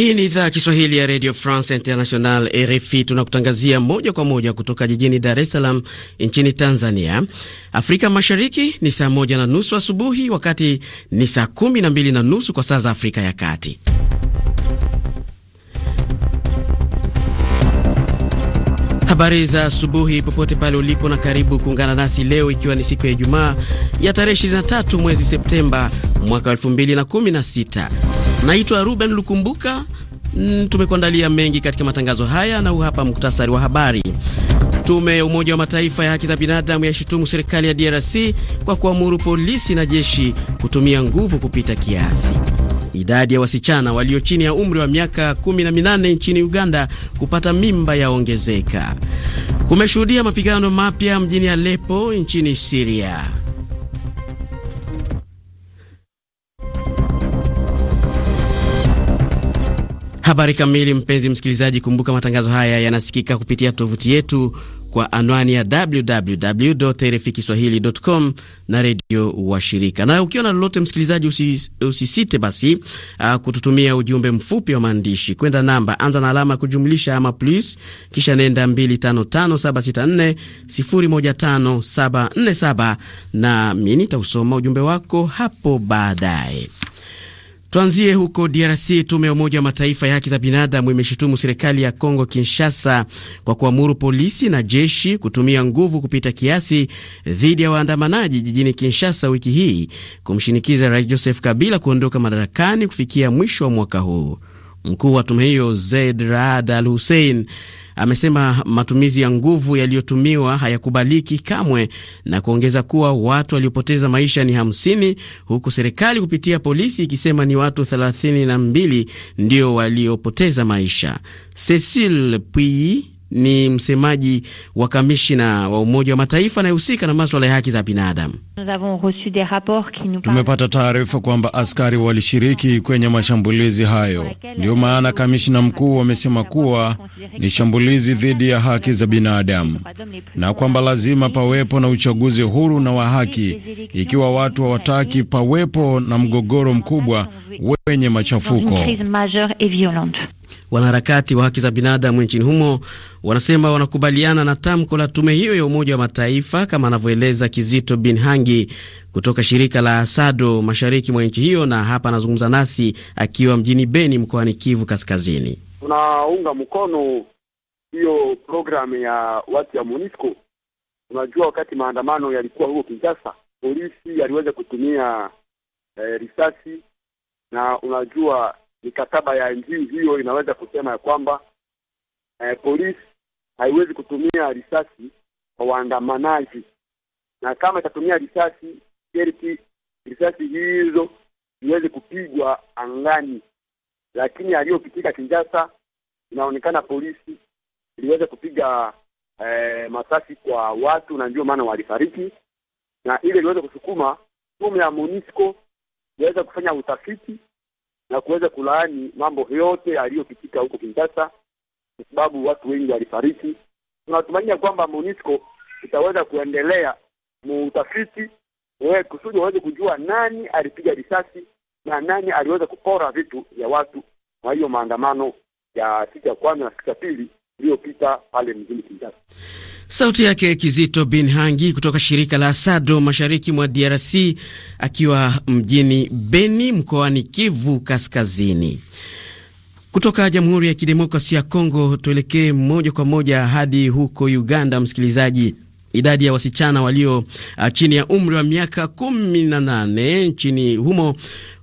Hii ni idhaa ya Kiswahili ya Radio France International, RFI. Tunakutangazia moja kwa moja kutoka jijini Dar es Salaam nchini Tanzania. Afrika Mashariki ni saa moja na nusu asubuhi, wakati ni saa kumi na mbili na nusu kwa saa za Afrika ya Kati. Habari za asubuhi popote pale ulipo, na karibu kuungana nasi leo, ikiwa ni siku ya Ijumaa ya tarehe 23 mwezi Septemba mwaka 2016. Naitwa Ruben Lukumbuka. Mm, tumekuandalia mengi katika matangazo haya na huu hapa muktasari wa habari. Tume ya Umoja wa Mataifa ya haki za binadamu yashutumu serikali ya DRC kwa kuamuru polisi na jeshi kutumia nguvu kupita kiasi. Idadi ya wasichana walio chini ya umri wa miaka 18 nchini Uganda kupata mimba yaongezeka. Kumeshuhudia mapigano mapya mjini Aleppo nchini Syria. Habari kamili, mpenzi msikilizaji, kumbuka matangazo haya yanasikika kupitia tovuti yetu kwa anwani ya www RFI kiswahilicom na redio wa shirika. Na ukiwa na lolote msikilizaji, usisite basi uh, kututumia ujumbe mfupi wa maandishi kwenda namba, anza na alama kujumlisha ama plus, kisha nenda 255764015747 nami nitausoma ujumbe wako hapo baadaye. Tuanzie huko DRC. Tume ya Umoja wa Mataifa ya haki za binadamu imeshutumu serikali ya Kongo Kinshasa kwa kuamuru polisi na jeshi kutumia nguvu kupita kiasi dhidi ya waandamanaji jijini Kinshasa wiki hii kumshinikiza Rais Joseph Kabila kuondoka madarakani kufikia mwisho wa mwaka huu. Mkuu wa tume hiyo Zeid Raad Al Hussein amesema matumizi ya nguvu yaliyotumiwa hayakubaliki kamwe, na kuongeza kuwa watu waliopoteza maisha ni hamsini, huku serikali kupitia polisi ikisema ni watu thelathini na mbili ndio waliopoteza maisha. Cecil Puyi ni msemaji wa kamishina wa Umoja wa Mataifa anayehusika na, na maswala ya haki za binadamu. Tumepata taarifa kwamba askari walishiriki kwenye mashambulizi hayo, ndiyo maana kamishina mkuu wamesema kuwa ni shambulizi dhidi ya haki za binadamu na kwamba lazima pawepo na uchaguzi huru na wa haki, ikiwa watu hawataki pawepo na mgogoro mkubwa wenye machafuko. Wanaharakati wa haki za binadamu nchini humo wanasema wanakubaliana na tamko la tume hiyo ya Umoja wa Mataifa, kama anavyoeleza Kizito Bin Hangi kutoka shirika la ASADO mashariki mwa nchi hiyo, na hapa anazungumza nasi akiwa mjini Beni mkoani Kivu Kaskazini. Tunaunga mkono hiyo programu ya watu ya MONUSCO. Unajua, wakati maandamano yalikuwa huko Kinshasa, polisi aliweza kutumia eh, risasi na unajua mikataba ya njii hiyo inaweza kusema ya kwamba eh, polisi haiwezi kutumia risasi kwa waandamanaji, na kama itatumia risasi sherti risasi hizo ziweze kupigwa angani. Lakini aliyopitika kinjasa inaonekana polisi iliweza kupiga eh, masasi kwa watu na ndio maana walifariki, na ile iliweza kusukuma tume ya MONUSCO iweza kufanya utafiti na kuweza kulaani mambo yote aliyopitika huko Kinshasa, kwa sababu watu wengi walifariki. Tunatumainia kwamba MONUSCO itaweza kuendelea muutafiti wewe eh, kusudi waweze kujua nani alipiga risasi na nani aliweza kupora vitu vya watu kwa hiyo maandamano ya siku ya kwanza na siku ya pili iliyopita pale mjini Kinshasa. Sauti yake Kizito Bin Hangi kutoka shirika la SADO mashariki mwa DRC akiwa mjini Beni mkoani Kivu Kaskazini. Kutoka Jamhuri ya Kidemokrasia ya Kongo tuelekee moja kwa moja hadi huko Uganda, msikilizaji. Idadi ya wasichana walio uh, chini ya umri wa miaka kumi na nane nchini humo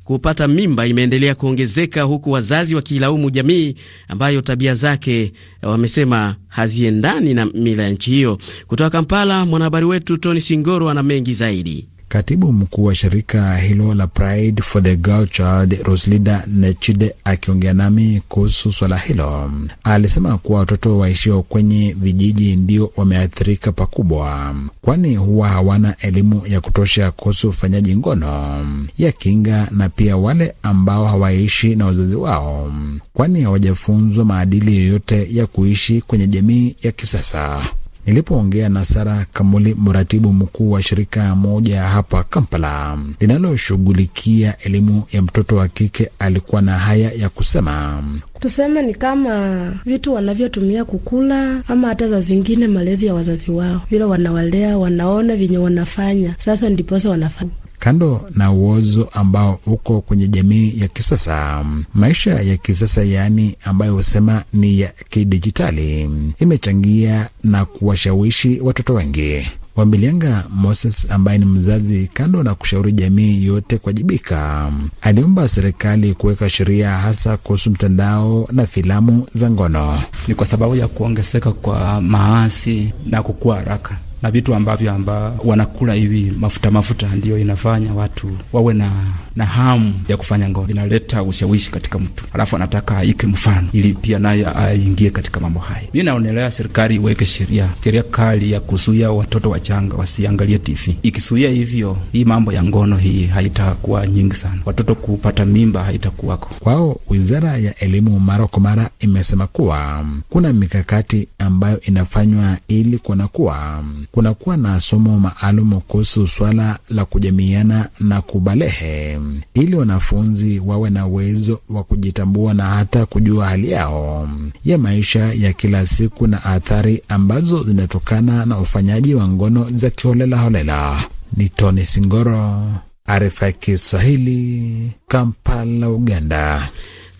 kupata mimba imeendelea kuongezeka huku wazazi wakilaumu jamii ambayo tabia zake eh, wamesema haziendani na mila ya nchi hiyo. Kutoka Kampala, mwanahabari wetu Tony Singoro ana mengi zaidi. Katibu mkuu wa shirika hilo la Pride for the Girl Child, Roslida Nechide, akiongea nami kuhusu swala hilo, alisema kuwa watoto waishio kwenye vijiji ndio wameathirika pakubwa, kwani huwa hawana elimu ya kutosha kuhusu ufanyaji ngono ya kinga, na pia wale ambao hawaishi na wazazi wao, kwani hawajafunzwa maadili yoyote ya kuishi kwenye jamii ya kisasa nilipoongea na Sara Kamuli, mratibu mkuu wa shirika moja hapa Kampala linaloshughulikia elimu ya mtoto wa kike. Alikuwa na haya ya kusema. Tuseme ni kama vitu wanavyotumia kukula, ama hata za zingine malezi ya wazazi wao, vile wanawalea, wanaona vyenye wanafanya, sasa ndiposa wanafanya Kando na uozo ambao uko kwenye jamii ya kisasa, maisha ya kisasa yaani, ambayo husema ni ya kidijitali, imechangia na kuwashawishi watoto wengi. Wambilianga Moses ambaye ni mzazi, kando na kushauri jamii yote kuwajibika, aliomba serikali kuweka sheria hasa kuhusu mtandao na filamu za ngono. Ni kwa sababu ya kuongezeka kwa maasi na kukua haraka na vitu ambavyo amba wanakula hivi mafuta mafuta, ndio inafanya watu wawe na na hamu ya kufanya ngono, inaleta ushawishi katika mtu, alafu anataka aike mfano ili pia naye aingie katika mambo haya. Mi naonelea serikali iweke sheria, sheria kali ya kuzuia watoto wachanga wasiangalie TV. Ikisuia hivyo, hii mambo ya ngono hii haitakuwa nyingi sana, watoto kupata mimba haitakuwako kwao. Wizara ya Elimu mara kwa mara imesema kuwa kuna mikakati ambayo inafanywa ili kuona kuwa kunakuwa na somo maalum kuhusu swala la kujamiana na kubalehe ili wanafunzi wawe na uwezo wa kujitambua na hata kujua hali yao ya maisha ya kila siku na athari ambazo zinatokana na ufanyaji wa ngono za kiholela holela. Ni Tony Singoro, Arifa ya Kiswahili, Kampala, Uganda.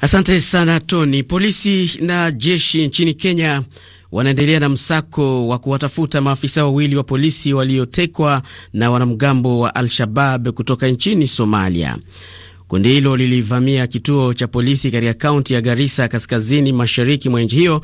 Asante sana Tony. Polisi na jeshi nchini Kenya wanaendelea na msako wa kuwatafuta maafisa wawili wa polisi waliotekwa na wanamgambo wa Al-Shabab kutoka nchini Somalia. Kundi hilo lilivamia kituo cha polisi katika kaunti ya Garissa kaskazini mashariki mwa nchi hiyo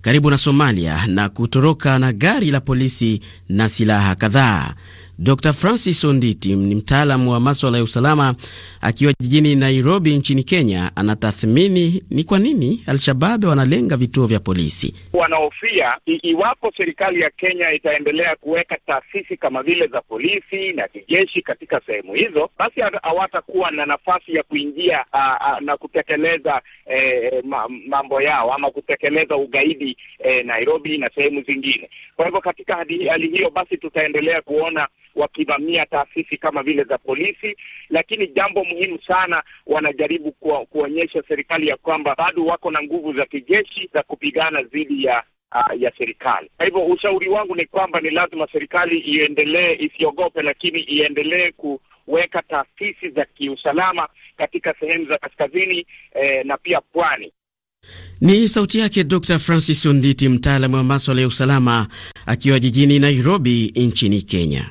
karibu na Somalia na kutoroka na gari la polisi na silaha kadhaa. Dr Francis Onditi ni mtaalamu wa maswala ya usalama akiwa jijini Nairobi nchini Kenya. Anatathmini ni kwa nini Al-Shabab wanalenga vituo vya polisi. Wanahofia iwapo serikali ya Kenya itaendelea kuweka taasisi kama vile za polisi na kijeshi katika sehemu hizo, basi hawatakuwa na nafasi ya kuingia a, a, na kutekeleza e, ma, mambo yao ama kutekeleza ugaidi e, Nairobi na sehemu zingine. Kwa hivyo katika hali hiyo basi tutaendelea kuona wakivamia taasisi kama vile za polisi, lakini jambo muhimu sana, wanajaribu kuonyesha serikali ya kwamba bado wako na nguvu za kijeshi za kupigana dhidi ya Uh, ya serikali. Kwa hivyo ushauri wangu ni kwamba ni lazima serikali iendelee, isiogope, lakini iendelee kuweka taasisi za kiusalama katika sehemu za kaskazini eh, na pia pwani. Ni sauti yake Dr. Francis Onditi, mtaalamu wa maswala ya usalama akiwa jijini Nairobi nchini Kenya.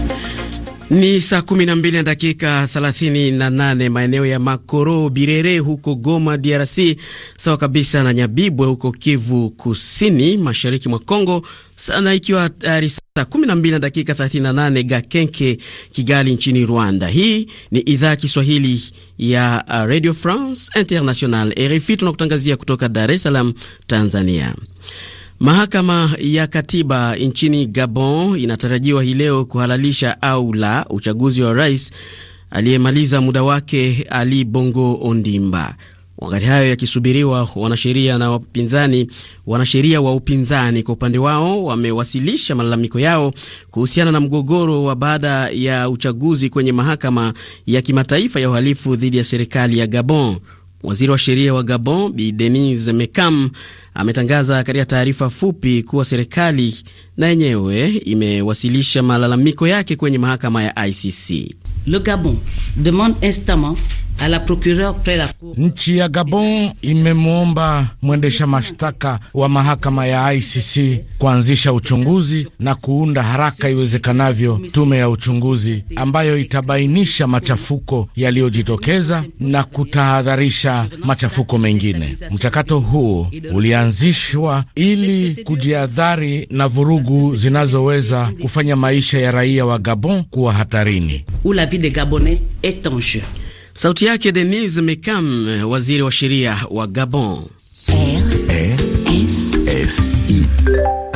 Ni saa kumi na na dakika 38 maeneo ya Makoro Birere huko Goma, DRC, sawa kabisa na Nyabibwe huko Kivu Kusini, mashariki mwa congo sana ikiwa tayari saa 12 na dakika 38 Gakenke, Kigali nchini Rwanda. Hii ni idhaa ya Kiswahili ya uh, Radio France International, RFI. Tunakutangazia kutoka Dar es Salaam, Tanzania. Mahakama ya katiba nchini Gabon inatarajiwa hii leo kuhalalisha au la uchaguzi wa rais aliyemaliza muda wake Ali Bongo Ondimba. Wakati hayo yakisubiriwa, wanasheria na wapinzani, wanasheria wa upinzani kwa upande wao wamewasilisha malalamiko yao kuhusiana na mgogoro wa baada ya uchaguzi kwenye mahakama ya kimataifa ya uhalifu dhidi ya serikali ya Gabon. Waziri wa sheria wa Gabon Bi denis Mekam ametangaza katika taarifa fupi kuwa serikali na yenyewe imewasilisha malalamiko yake kwenye mahakama ya ICC. Le Gabon demande instamment Nchi ya Gabon imemwomba mwendesha mashtaka wa mahakama ya ICC kuanzisha uchunguzi na kuunda haraka iwezekanavyo tume ya uchunguzi ambayo itabainisha machafuko yaliyojitokeza na kutahadharisha machafuko mengine. Mchakato huu ulianzishwa ili kujiadhari na vurugu zinazoweza kufanya maisha ya raia wa Gabon kuwa hatarini. Sauti yake Denise Mekam, waziri wa sheria wa Gabon. F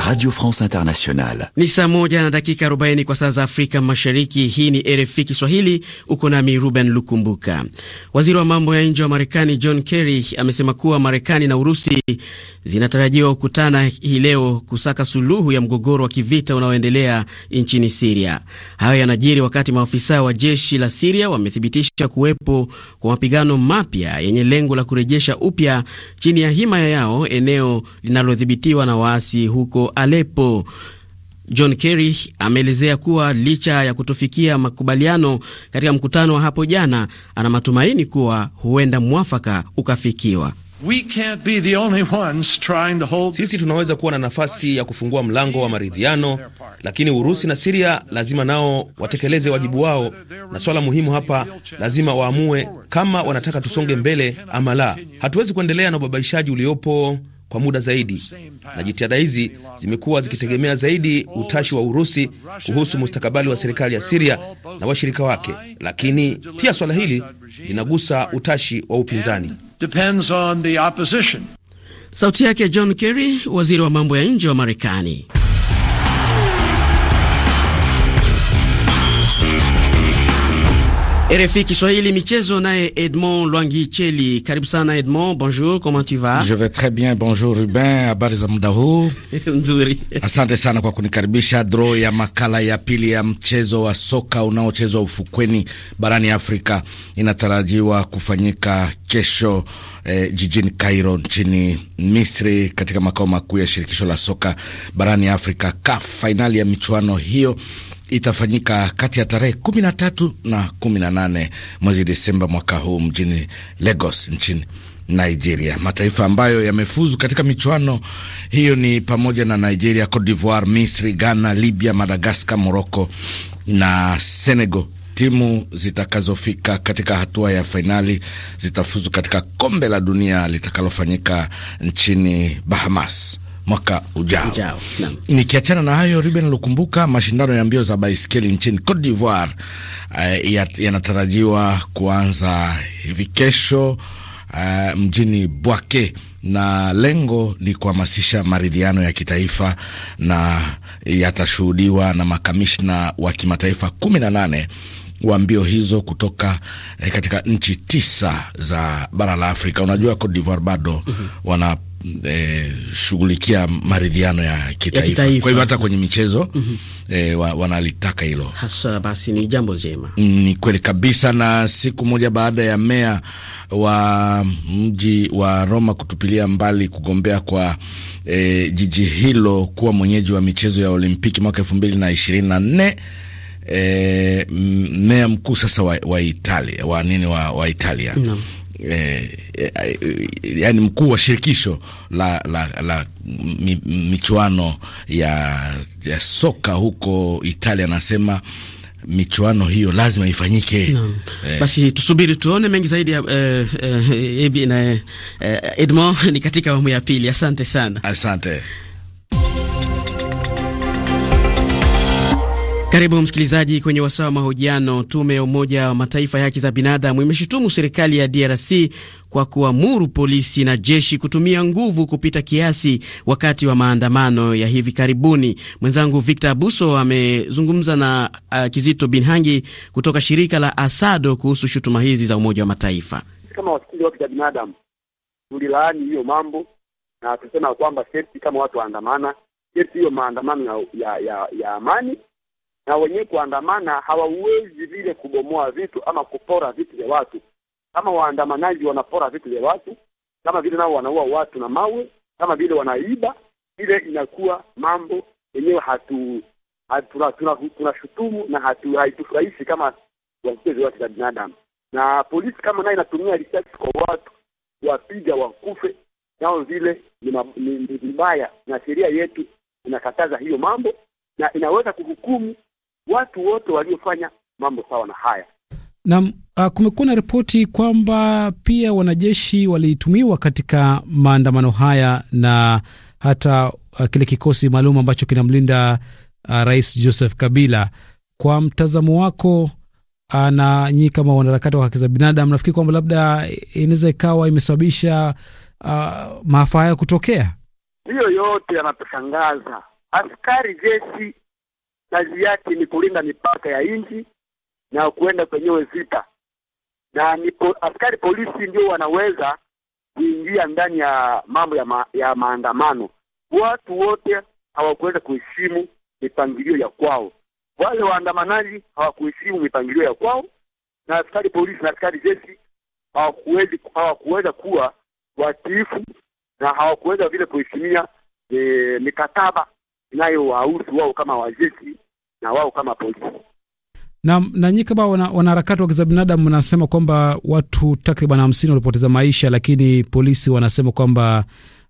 Radio France Internationale. Ni saa moja na dakika 40 kwa saa za Afrika Mashariki. Hii ni RFI Kiswahili, uko nami Ruben Lukumbuka. Waziri wa mambo ya nje wa Marekani John Kerry amesema kuwa Marekani na Urusi zinatarajiwa kukutana hii leo kusaka suluhu ya mgogoro wa kivita unaoendelea nchini Siria. Hayo yanajiri wakati maafisa wa jeshi la Siria wamethibitisha kuwepo kwa mapigano mapya yenye lengo la kurejesha upya chini ya himaya yao eneo linalodhibitiwa na waasi huko Aleppo. John Kerry ameelezea kuwa licha ya kutofikia makubaliano katika mkutano wa hapo jana, ana matumaini kuwa huenda mwafaka ukafikiwa. We can't be the only ones trying to hold... Sisi tunaweza kuwa na nafasi ya kufungua mlango wa maridhiano, lakini Urusi na Siria lazima nao watekeleze wajibu wao, na swala muhimu hapa lazima waamue kama wanataka tusonge mbele ama la. Hatuwezi kuendelea na ubabaishaji uliopo kwa muda zaidi, na jitihada hizi zimekuwa zikitegemea zaidi utashi wa Urusi kuhusu mustakabali wa serikali ya Siria na washirika wake, lakini pia swala hili linagusa utashi wa upinzani. Sauti yake John Kerry, waziri wa mambo ya nje wa Marekani. RFI Kiswahili Michezo, naye Edmond Lwangi Cheli. Karibu sana Edmond, bonjour, comment tu vas? Je vais très bien, bonjour Ruben, habari za muda huu? Nzuri. Asante sana kwa kunikaribisha draw ya makala ya pili ya mchezo wa soka unaochezwa ufukweni barani Afrika inatarajiwa kufanyika kesho eh, jijini Cairo nchini Misri katika makao makuu ya shirikisho la soka barani Afrika CAF. Fainali ya michuano hiyo itafanyika kati ya tarehe 13 na 18 mwezi Desemba mwaka huu mjini Lagos nchini Nigeria. Mataifa ambayo yamefuzu katika michuano hiyo ni pamoja na Nigeria, Cote d'Ivoire, Misri, Ghana, Libya, madagascar Morocco na Senegal. Timu zitakazofika katika hatua ya fainali zitafuzu katika kombe la dunia litakalofanyika nchini Bahamas mwaka ujao, ujao. Nikiachana na hayo, Ruben alikumbuka mashindano ya mbio za baiskeli nchini Cote d'Ivoire uh, yanatarajiwa kuanza hivi kesho uh, mjini Bouake na lengo ni kuhamasisha maridhiano ya kitaifa na yatashuhudiwa na makamishna wa kimataifa kumi na nane wa mbio hizo kutoka eh, katika nchi tisa za bara la Afrika. Unajua Cote d'Ivoire bado mm -hmm. wana e, shughulikia maridhiano ya kitaifa, ya kitaifa. Kwa hivyo hata kwenye michezo mm -hmm. e, wa, wanalitaka hilo hasa. Basi ni jambo jema, mm, ni kweli kabisa. Na siku moja baada ya meya wa mji wa Roma kutupilia mbali kugombea kwa e, jiji hilo kuwa mwenyeji wa michezo ya Olimpiki mwaka elfu mbili na ishirini na nne E, meya mkuu sasa wa, wa Italia wa nini wa, wa Italia no eh, eh, yani mkuu wa shirikisho la, la, la mi, michuano ya, ya soka huko Italia anasema michuano hiyo lazima ifanyike no. Eh. Basi tusubiri tuone mengi zaidi ya eh, eh, eh, eh, Edmond ni katika awamu ya pili. Asante sana, asante. Karibu msikilizaji kwenye wasaa wa mahojiano. Tume ya Umoja wa Mataifa ya haki za binadamu imeshutumu serikali ya DRC kwa kuamuru polisi na jeshi kutumia nguvu kupita kiasi wakati wa maandamano ya hivi karibuni. Mwenzangu Victor Abuso amezungumza na uh, Kizito Binhangi kutoka shirika la ASADO kuhusu shutuma hizi za Umoja wa Mataifa. Kama wasikili wa haki za binadamu tulilaani hiyo mambo na tusema kwamba sherti kama watu waandamana, sherti hiyo maandamano ya, ya, ya, ya amani na wenyewe kuandamana hawawezi vile kubomoa vitu ama kupora vitu vya watu. Kama waandamanaji wanapora vitu vya watu, kama vile nao wanaua watu na mawe, kama vile wanaiba, ile inakuwa mambo yenyewe hatu, hatu tunashutumu na hatu haitufurahishi kama watetezi wa za binadamu. Na polisi kama nayo inatumia risasi kwa watu wapiga wakufe, nao vile ni vibaya, na sheria yetu inakataza hiyo mambo na inaweza kuhukumu watu wote waliofanya mambo sawa na haya. Naam, uh, kumekuwa na ripoti kwamba pia wanajeshi walitumiwa katika maandamano haya na hata uh, kile kikosi maalum ambacho kinamlinda uh, Rais Joseph Kabila. Kwa mtazamo wako uh, na nyinyi kama wanaharakati wa haki za binadamu, nafikiri kwamba labda inaweza ikawa imesababisha uh, maafa haya kutokea. Hiyo yote yanatushangaza. Askari jeshi kazi yake ni kulinda mipaka ya nchi na kuenda kwenyewe vita, na ni po, askari polisi ndio wanaweza kuingia ndani ya mambo ya, ma, ya maandamano. Watu wote hawakuweza kuheshimu mipangilio ya kwao, wale waandamanaji hawakuheshimu mipangilio ya kwao, na askari polisi na askari jeshi hawakuweza kuwa watiifu na hawakuweza vile kuheshimia e, mikataba inayowahusu wao kama wajeshi na wao kama polisi. Na, na nyinyi kama wanaharakati wa haki mnasema kwamba watu takriban hamsini walipoteza maisha, lakini polisi wanasema kwamba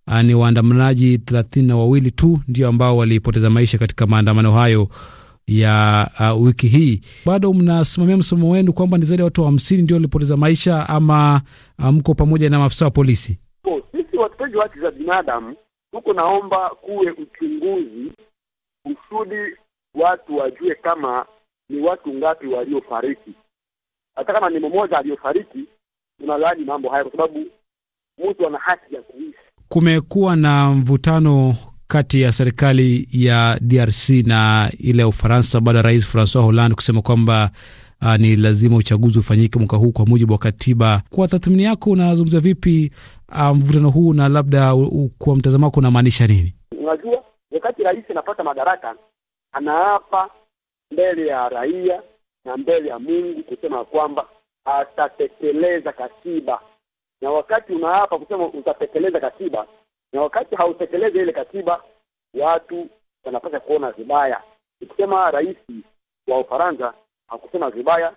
uh, ni waandamanaji thelathini na wawili tu ndio ambao walipoteza maisha katika maandamano hayo ya uh, wiki hii. Bado mnasimamia msimamo wenu kwamba ni zaidi ya watu hamsini ndio walipoteza maisha, ama uh, mko pamoja na maafisa wa polisi? sisi watetezi wa haki za binadamu huko, naomba kuwe uchunguzi kusudi watu wajue kama ni watu ngapi waliofariki. Hata kama ni mmoja aliyofariki, tunalaani mambo haya, kwa sababu mtu ana haki ya kuishi. Kumekuwa na mvutano kati ya serikali ya DRC na ile ya Ufaransa baada ya Rais Francois Hollande kusema kwamba uh, ni lazima uchaguzi ufanyike mwaka huu kwa mujibu wa katiba. Kwa tathmini yako, unazungumzia vipi ah, mvutano huu na labda kwa mtazamo wako unamaanisha nini? Unajua, wakati rais anapata madaraka anaapa mbele ya raia na mbele ya Mungu kusema kwamba atatekeleza katiba, na wakati unaapa kusema utatekeleza katiba na wakati hautekeleze ile katiba, watu wanapaswa kuona vibaya. ikisema rais wa Ufaransa hakusema vibaya,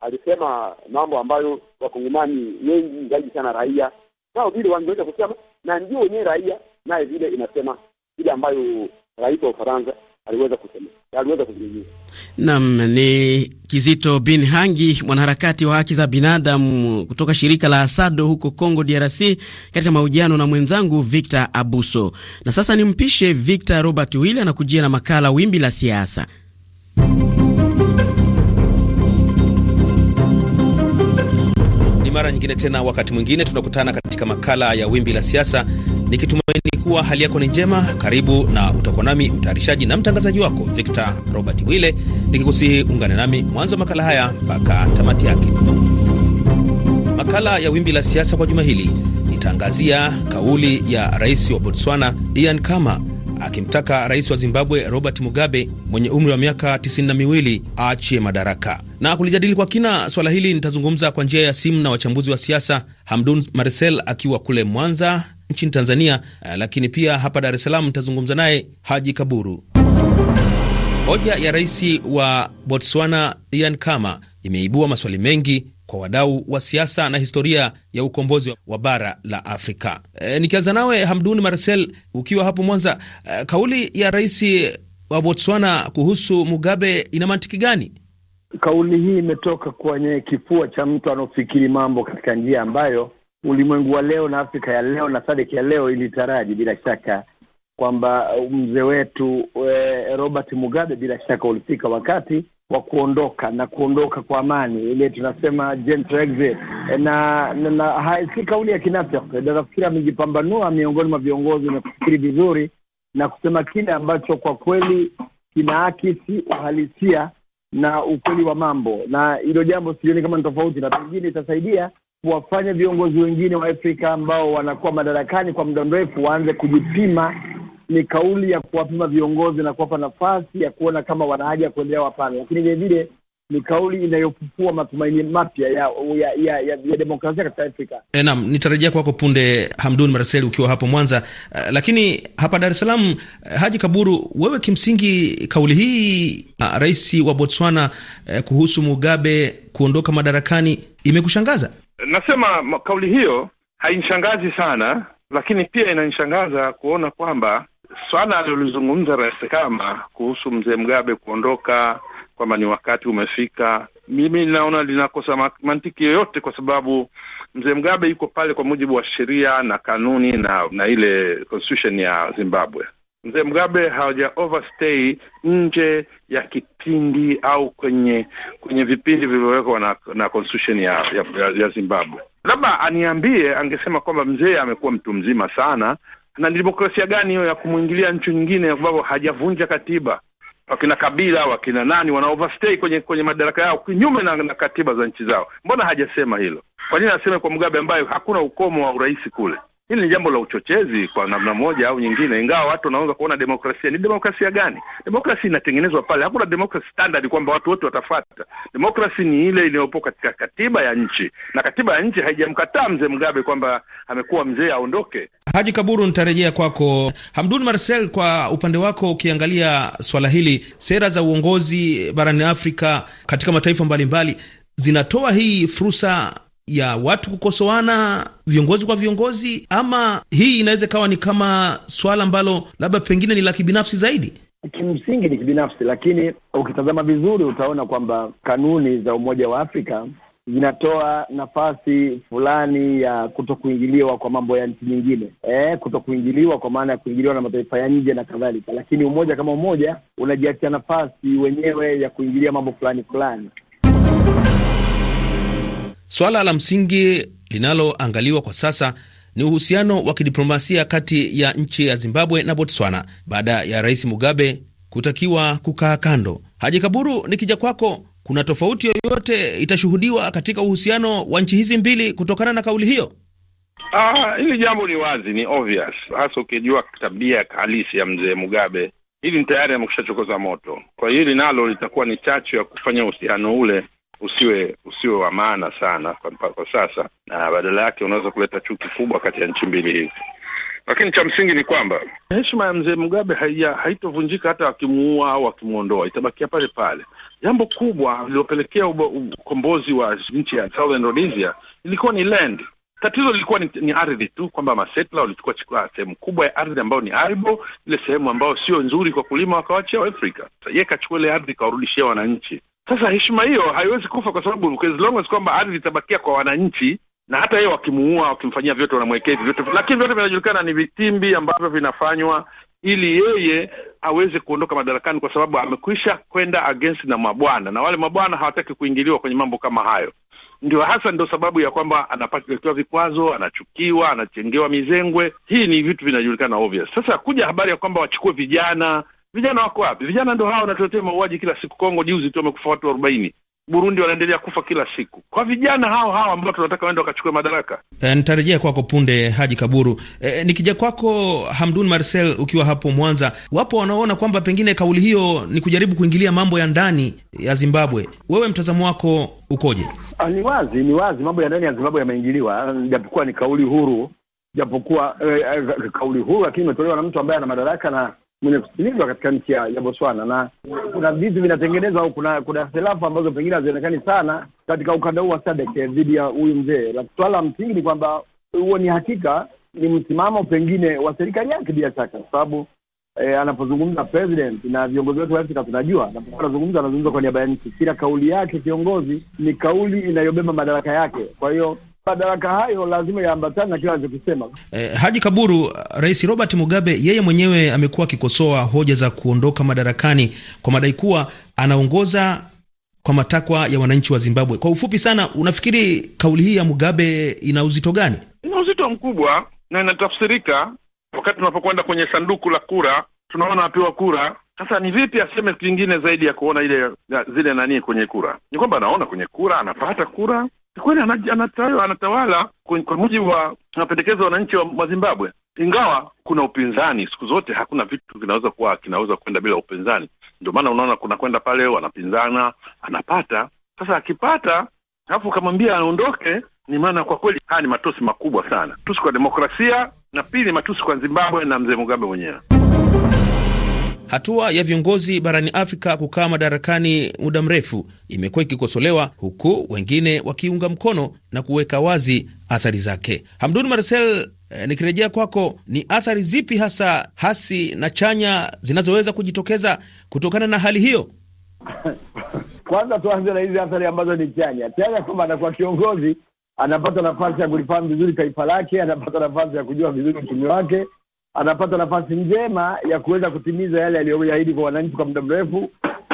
alisema mambo ambayo wakongomani wengi zaidi sana raia nao vile wangeweza kusema, na ndio wenyewe raia naye vile inasema ile ambayo rais wa Ufaransa aliweza aliweza kuzingia. Naam, ni Kizito Bin Hangi, mwanaharakati wa haki za binadamu kutoka shirika la Asado huko Congo DRC, katika mahojiano na mwenzangu Victor Abuso. Na sasa ni mpishe Victor Robert Wille anakujia na makala Wimbi la Siasa. Ni mara nyingine tena, wakati mwingine tunakutana katika makala ya Wimbi la Siasa nikitumaini kuwa hali yako ni njema. Karibu na utakuwa nami mtayarishaji na mtangazaji wako Victor Robert Wille, nikikusihi ungane nami mwanzo wa makala haya mpaka tamati yake. Makala ya Wimbi la Siasa kwa juma hili itaangazia kauli ya rais wa Botswana Ian Khama akimtaka rais wa Zimbabwe Robert Mugabe mwenye umri wa miaka tisini na miwili aachie madaraka. Na kulijadili kwa kina swala hili, nitazungumza kwa njia ya simu na wachambuzi wa siasa, Hamdun Marcel akiwa kule Mwanza nchini Tanzania, eh, lakini pia hapa Dar es Salaam nitazungumza naye Haji Kaburu. Hoja ya rais wa Botswana Ian Khama imeibua maswali mengi kwa wadau wa siasa na historia ya ukombozi wa bara la Afrika. E, nikianza nawe Hamduni Marcel ukiwa hapo Mwanza, e, kauli ya rais wa Botswana kuhusu Mugabe ina mantiki gani? Kauli hii imetoka kwenye kifua cha mtu anaofikiri mambo katika njia ambayo ulimwengu wa leo na Afrika ya leo na Sadek ya leo ilitaraji bila shaka kwamba mzee wetu e, Robert Mugabe bila shaka ulifika wakati wa kuondoka na kuondoka kwa amani ile tunasema gentle exit. Eh, na, na, na si kauli ya kinafiki. Eh, nafikiri amejipambanua miongoni mwa viongozi na kufikiri vizuri na kusema kile ambacho kwa kweli kinaakisi uhalisia na ukweli wa mambo, na hilo jambo sioni kama ni tofauti, na pengine itasaidia wafanye viongozi wengine wa Afrika ambao wanakuwa madarakani kwa muda mrefu waanze kujipima. Ni kauli ya kuwapima viongozi na kuwapa nafasi ya kuona kama wana haja ya kuendelea wapana, lakini vilevile ni kauli inayofufua matumaini mapya ya, ya, ya, ya, ya demokrasia katika Afrika. E, naam, nitarejea kwako punde, Hamdun Marcel, ukiwa hapo Mwanza. Uh, lakini hapa Dar es Salaam, eh, Haji Kaburu, wewe kimsingi kauli hii uh, rais wa Botswana uh, kuhusu Mugabe kuondoka madarakani imekushangaza? Nasema kauli hiyo hainshangazi sana, lakini pia inanishangaza kuona kwamba swala alilolizungumza Rais kama kuhusu mzee Mgabe kuondoka kwamba ni wakati umefika, mimi naona linakosa mantiki yoyote, kwa sababu mzee Mgabe yuko pale kwa mujibu wa sheria na kanuni na na ile constitution ya Zimbabwe. Mzee Mugabe hawaja overstay nje ya kipindi au kwenye kwenye vipindi vilivyowekwa na, na constitution ya, ya, ya Zimbabwe. Labda aniambie, angesema kwamba mzee amekuwa mtu mzima sana, na ni demokrasia gani hiyo ya kumwingilia nchi nyingine, ambapo hajavunja katiba. Wakina Kabila wakina nani wana overstay kwenye kwenye madaraka yao kinyume na, na katiba za nchi zao. Mbona hajasema hilo? Kwa nini aseme kwa Mugabe ambaye hakuna ukomo wa urais kule? Hili ni jambo la uchochezi kwa namna moja au nyingine, ingawa watu wanaanza kuona demokrasia ni demokrasia gani? demokrasi inatengenezwa pale, hakuna demokrasi standard kwamba watu wote watafuata. Demokrasi ni ile iliyopo katika katiba ya nchi, na katiba ya nchi haijamkataa mzee Mugabe kwamba amekuwa mzee aondoke. Haji Kaburu, nitarejea kwako. Hamdun Marcel, kwa upande wako, ukiangalia swala hili, sera za uongozi barani Afrika katika mataifa mbalimbali mbali zinatoa hii fursa ya watu kukosoana viongozi kwa viongozi, ama hii inaweza ikawa ni kama swala ambalo labda pengine ni la kibinafsi zaidi? Kimsingi ni kibinafsi, lakini ukitazama vizuri utaona kwamba kanuni za Umoja wa Afrika zinatoa nafasi fulani ya kuto kuingiliwa kwa mambo ya nchi nyingine, eh, kuto kuingiliwa kwa maana ya kuingiliwa na mataifa ya nje na kadhalika, lakini umoja kama umoja unajiachia nafasi wenyewe ya kuingilia mambo fulani fulani. Swala la msingi linaloangaliwa kwa sasa ni uhusiano wa kidiplomasia kati ya nchi ya Zimbabwe na Botswana baada ya Rais Mugabe kutakiwa kukaa kando. Haji Kaburu, nikija kwako, kuna tofauti yoyote itashuhudiwa katika uhusiano wa nchi hizi mbili kutokana na kauli hiyo? Ah, hili jambo ni wazi, ni obvious, hasa ukijua tabia halisi ya mzee Mugabe. Hili ni tayari amekwishachokoza moto, kwa hiyo hili nalo litakuwa ni chachu ya kufanya uhusiano ule usiwe usiwe wa maana sana kwa, kwa sasa, na badala yake unaweza kuleta chuki kubwa kati ya nchi mbili hizi. Lakini cha msingi ni kwamba heshima ya mzee Mugabe haitovunjika hata wakimuua au wakimwondoa, itabakia pale pale. Jambo kubwa lililopelekea ukombozi wa nchi ya Southern Rhodesia ilikuwa ni land Tatizo lilikuwa ni, ni ardhi tu, kwamba masetla walichukua chukua sehemu kubwa ya ardhi ambayo ni arable, ile sehemu ambayo sio nzuri kwa kulima, wakawachia Waafrika. Yeye kachukua ile ardhi kawarudishia wananchi. Sasa heshima hiyo haiwezi kufa, kwa sababu as long as kwamba ardhi itabakia kwa wananchi, na hata yeye wakimuua, wakimfanyia vyote, wanamwekea hivi vyote, lakini vyote vinajulikana ni vitimbi ambavyo vinafanywa ili yeye aweze kuondoka madarakani, kwa sababu amekwisha kwenda against na mabwana, na wale mabwana hawataki kuingiliwa kwenye mambo kama hayo. Ndio hasa ndio sababu ya kwamba anapatiwa vikwazo, anachukiwa, anachengewa mizengwe. Hii ni vitu vinajulikana obvious. Sasa kuja habari ya kwamba wachukue vijana Vijana wako wapi? Vijana ndo hawa wanatuletea mauaji kila siku. Kongo juzi tu wamekufa watu arobaini. Burundi wanaendelea kufa kila siku kwa vijana hao hao ambao tunataka waende wakachukue madaraka. E, nitarejea kwako punde Haji Kaburu. E, nikija kwako Hamdun Marcel, ukiwa hapo Mwanza, wapo wanaoona kwamba pengine kauli hiyo ni kujaribu kuingilia mambo ya ndani ya Zimbabwe. Wewe mtazamo wako ukoje? Ah, ni wazi, ni wazi mambo ya ndani ya Zimbabwe yameingiliwa, japokuwa ni kauli huru, japokuwa eh, eh kauli huru, lakini imetolewa na mtu ambaye ana madaraka na mwenye kusikilizwa katika nchi ya, ya Botswana, na kuna vitu vinatengenezwa au kuna kuna hitilafu ambazo pengine hazionekani sana katika ukanda huu wa SADC dhidi ya huyu mzee. Swala la msingi ni kwamba huo ni hakika ni msimamo pengine wa serikali yake bila shaka, kwa sababu E, anapozungumza president na viongozi wetu wa Afrika tunajua anapokuwa anazungumza anazungumza kwa niaba ya nchi. Kila kauli yake kiongozi ni kauli inayobeba madaraka yake. Kwa hiyo madaraka hayo lazima yaambatane na kile anachokisema Eh, Haji Kaburu, Rais Robert Mugabe yeye mwenyewe amekuwa akikosoa hoja za kuondoka madarakani kwa madai kuwa anaongoza kwa matakwa ya wananchi wa Zimbabwe. Kwa ufupi sana, unafikiri kauli hii ya Mugabe ina uzito gani? Ina uzito mkubwa na inatafsirika wakati tunapokwenda kwenye sanduku la kura, tunaona apewa kura sasa ni vipi aseme kingine zaidi ya kuona ile zile nani kwenye kura? Ni kwamba anaona kwenye kura, anapata kura, kweli anatawala kwa mujibu wa mapendekezo ya wananchi wa Zimbabwe, ingawa kuna upinzani siku zote. Hakuna vitu kinaweza kuwa kinaweza kwenda bila upinzani. Ndio maana unaona kuna kwenda pale wanapinzana, anapata sasa. Akipata alafu ukamwambia aondoke, ni maana kwa kweli haya ni matusi makubwa sana, tusi kwa demokrasia na pili matusi kwa Zimbabwe na mzee Mugabe mwenyewe. Hatua ya viongozi barani Afrika kukaa madarakani muda mrefu imekuwa ikikosolewa, huku wengine wakiunga mkono na kuweka wazi athari zake. Hamdun Marcel, eh, nikirejea kwako, ni athari zipi hasa hasi na chanya zinazoweza kujitokeza kutokana na hali hiyo? Kwanza tuanze na hizi athari ambazo ni chanya. Chanya kwamba anakuwa kiongozi, anapata nafasi ya kulifahamu vizuri taifa lake, anapata nafasi ya kujua vizuri uchumi wake anapata nafasi njema ya kuweza kutimiza yale aliyoahidi kwa wananchi kwa muda mrefu,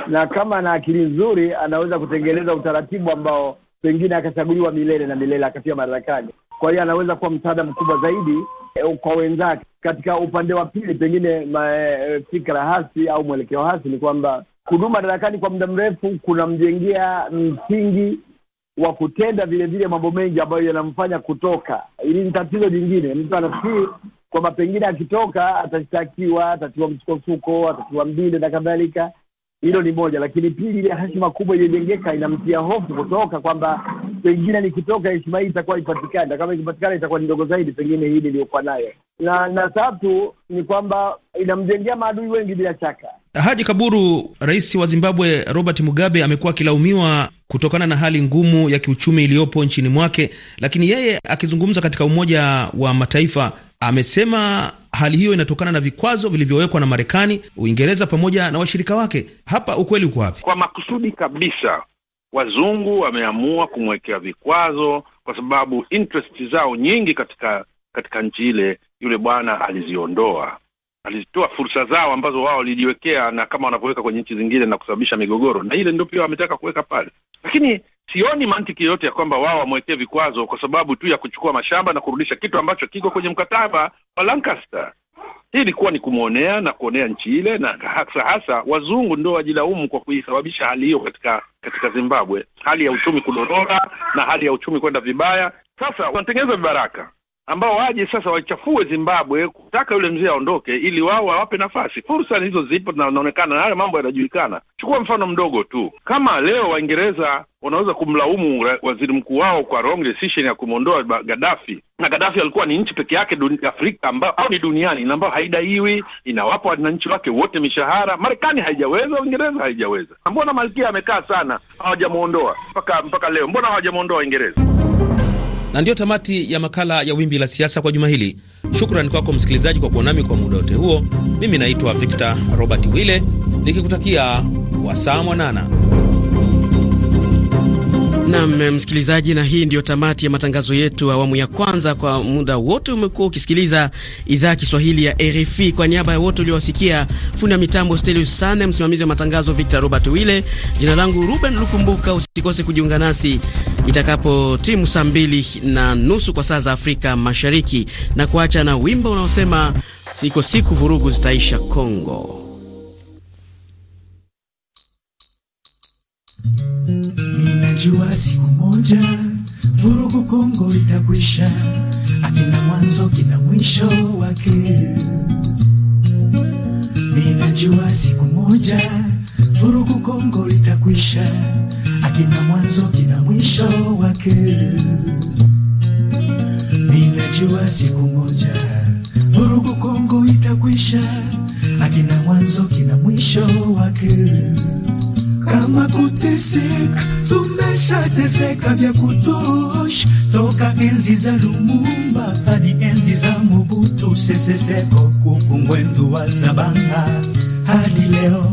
na kama ana akili nzuri anaweza kutengeneza utaratibu ambao pengine akachaguliwa milele na milele akafia madarakani. Kwa hiyo anaweza kuwa msaada mkubwa zaidi eh, kwa wenzake. Katika upande wa pili, pengine eh, fikra hasi au mwelekeo hasi ni kwamba kudumu madarakani kwa muda mrefu kunamjengea msingi wa kutenda vilevile mambo mengi ambayo yanamfanya kutoka. Hili ni tatizo jingine. Mtu anafikiri kwamba pengine akitoka atashtakiwa, atatiwa msukosuko, atatiwa mbinde na kadhalika. Hilo ni moja, lakini pili, ile heshima kubwa iliyojengeka inamtia hofu kutoka kwamba pengine nikitoka heshima hii itakuwa ipatikana, kama ikipatikana itakuwa ni ndogo zaidi pengine hii niliyokuwa nayo, na na tatu ni kwamba inamjengea maadui wengi bila shaka. Haji Kaburu, rais wa Zimbabwe Robert Mugabe amekuwa akilaumiwa kutokana na hali ngumu ya kiuchumi iliyopo nchini mwake, lakini yeye akizungumza katika Umoja wa Mataifa amesema Hali hiyo inatokana na vikwazo vilivyowekwa na Marekani, Uingereza pamoja na washirika wake. Hapa ukweli uko wapi? Kwa makusudi kabisa wazungu wameamua kumwekea vikwazo kwa sababu interest zao nyingi katika katika nchi ile, yule bwana aliziondoa, alizitoa fursa zao ambazo wao walijiwekea, na kama wanavyoweka kwenye nchi zingine na kusababisha migogoro, na ile ndio pia wametaka kuweka pale, lakini Sioni mantiki yoyote ya kwamba wao wamwekee vikwazo kwa sababu tu ya kuchukua mashamba na kurudisha kitu ambacho kiko kwenye mkataba wa Lancaster. Hii ilikuwa ni kumwonea na kuonea nchi ile, na hasa hasa wazungu ndio wajilaumu kwa kuisababisha hali hiyo katika katika Zimbabwe, hali ya uchumi kudorora na hali ya uchumi kwenda vibaya. Sasa wanatengeneza vibaraka ambao waje sasa wachafue Zimbabwe kutaka yule mzee aondoke, ili wao wawape nafasi. Fursa hizo zipo na inaonekana na hayo mambo yanajulikana. Chukua mfano mdogo tu, kama leo Waingereza wanaweza kumlaumu waziri mkuu wao kwa wrong decision ya kumwondoa Gaddafi, na Gaddafi alikuwa ni nchi peke yake Afrika ambao au ni duniani na ambayo haidaiwi, inawapa wananchi wake wote mishahara. Marekani haijaweza, Uingereza haijaweza. Mbona malkia amekaa sana, hawajamuondoa mpaka mpaka leo? Mbona hawajamuondoa Uingereza? Na ndiyo tamati ya makala ya Wimbi la Siasa kwa juma hili. Shukrani kwako msikilizaji kwa kuwa nami kwa muda wote huo. Mimi naitwa Victor Robert Wille nikikutakia wasaa mwanana. Nam msikilizaji, na hii ndiyo tamati ya matangazo yetu awamu ya kwanza. Kwa muda wote umekuwa ukisikiliza idhaa ya Kiswahili ya RFI. Kwa niaba ya wote uliowasikia, fundi ya mitambo Stelius Sane, msimamizi wa matangazo Victor Robert Wille, jina langu Ruben Lukumbuka. Usikose kujiunga nasi itakapo timu saa mbili na nusu kwa saa za Afrika Mashariki, na kuacha na wimbo unaosema siko siku vurugu zitaisha Kongo. Ninajua siku moja vurugu Kongo itakwisha, akina mwanzo kina mwisho wake. Ninajua siku moja vurugu Kongo itakwisha, akina mwanzo kina mwisho wake. Ninajua siku moja vurugu Kongo itakwisha, akina mwanzo kina mwisho wake. Kama kuteseka tumeshateseka vya kutosha, toka enzi za Lumumba hadi enzi za Mobutu Sese Seko Kuku wa Zabanga hadi leo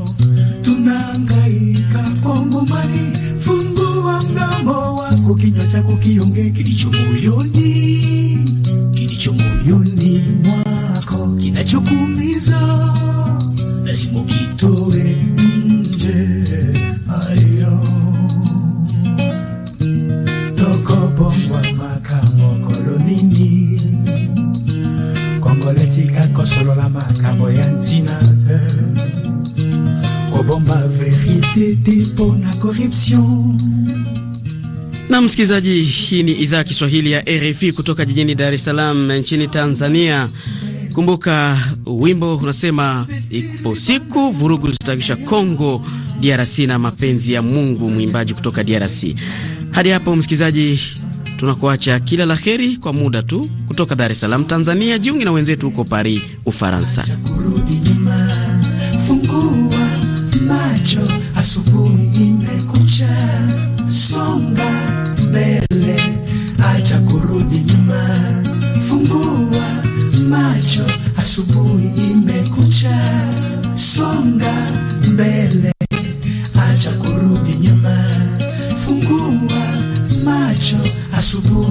Msikilizaji, hii ni idhaa ya Kiswahili ya RFI kutoka jijini Dar es Salaam nchini Tanzania. Kumbuka wimbo unasema ipo siku vurugu zitakisha Kongo DRC na mapenzi ya Mungu, mwimbaji kutoka DRC. Hadi hapo msikilizaji, tunakuacha kila la heri kwa muda tu. Kutoka Dar es Salaam Tanzania, jiungi na wenzetu huko Paris, Ufaransa. Songa mbele, acha kurudi nyuma, fungua macho asubuhi.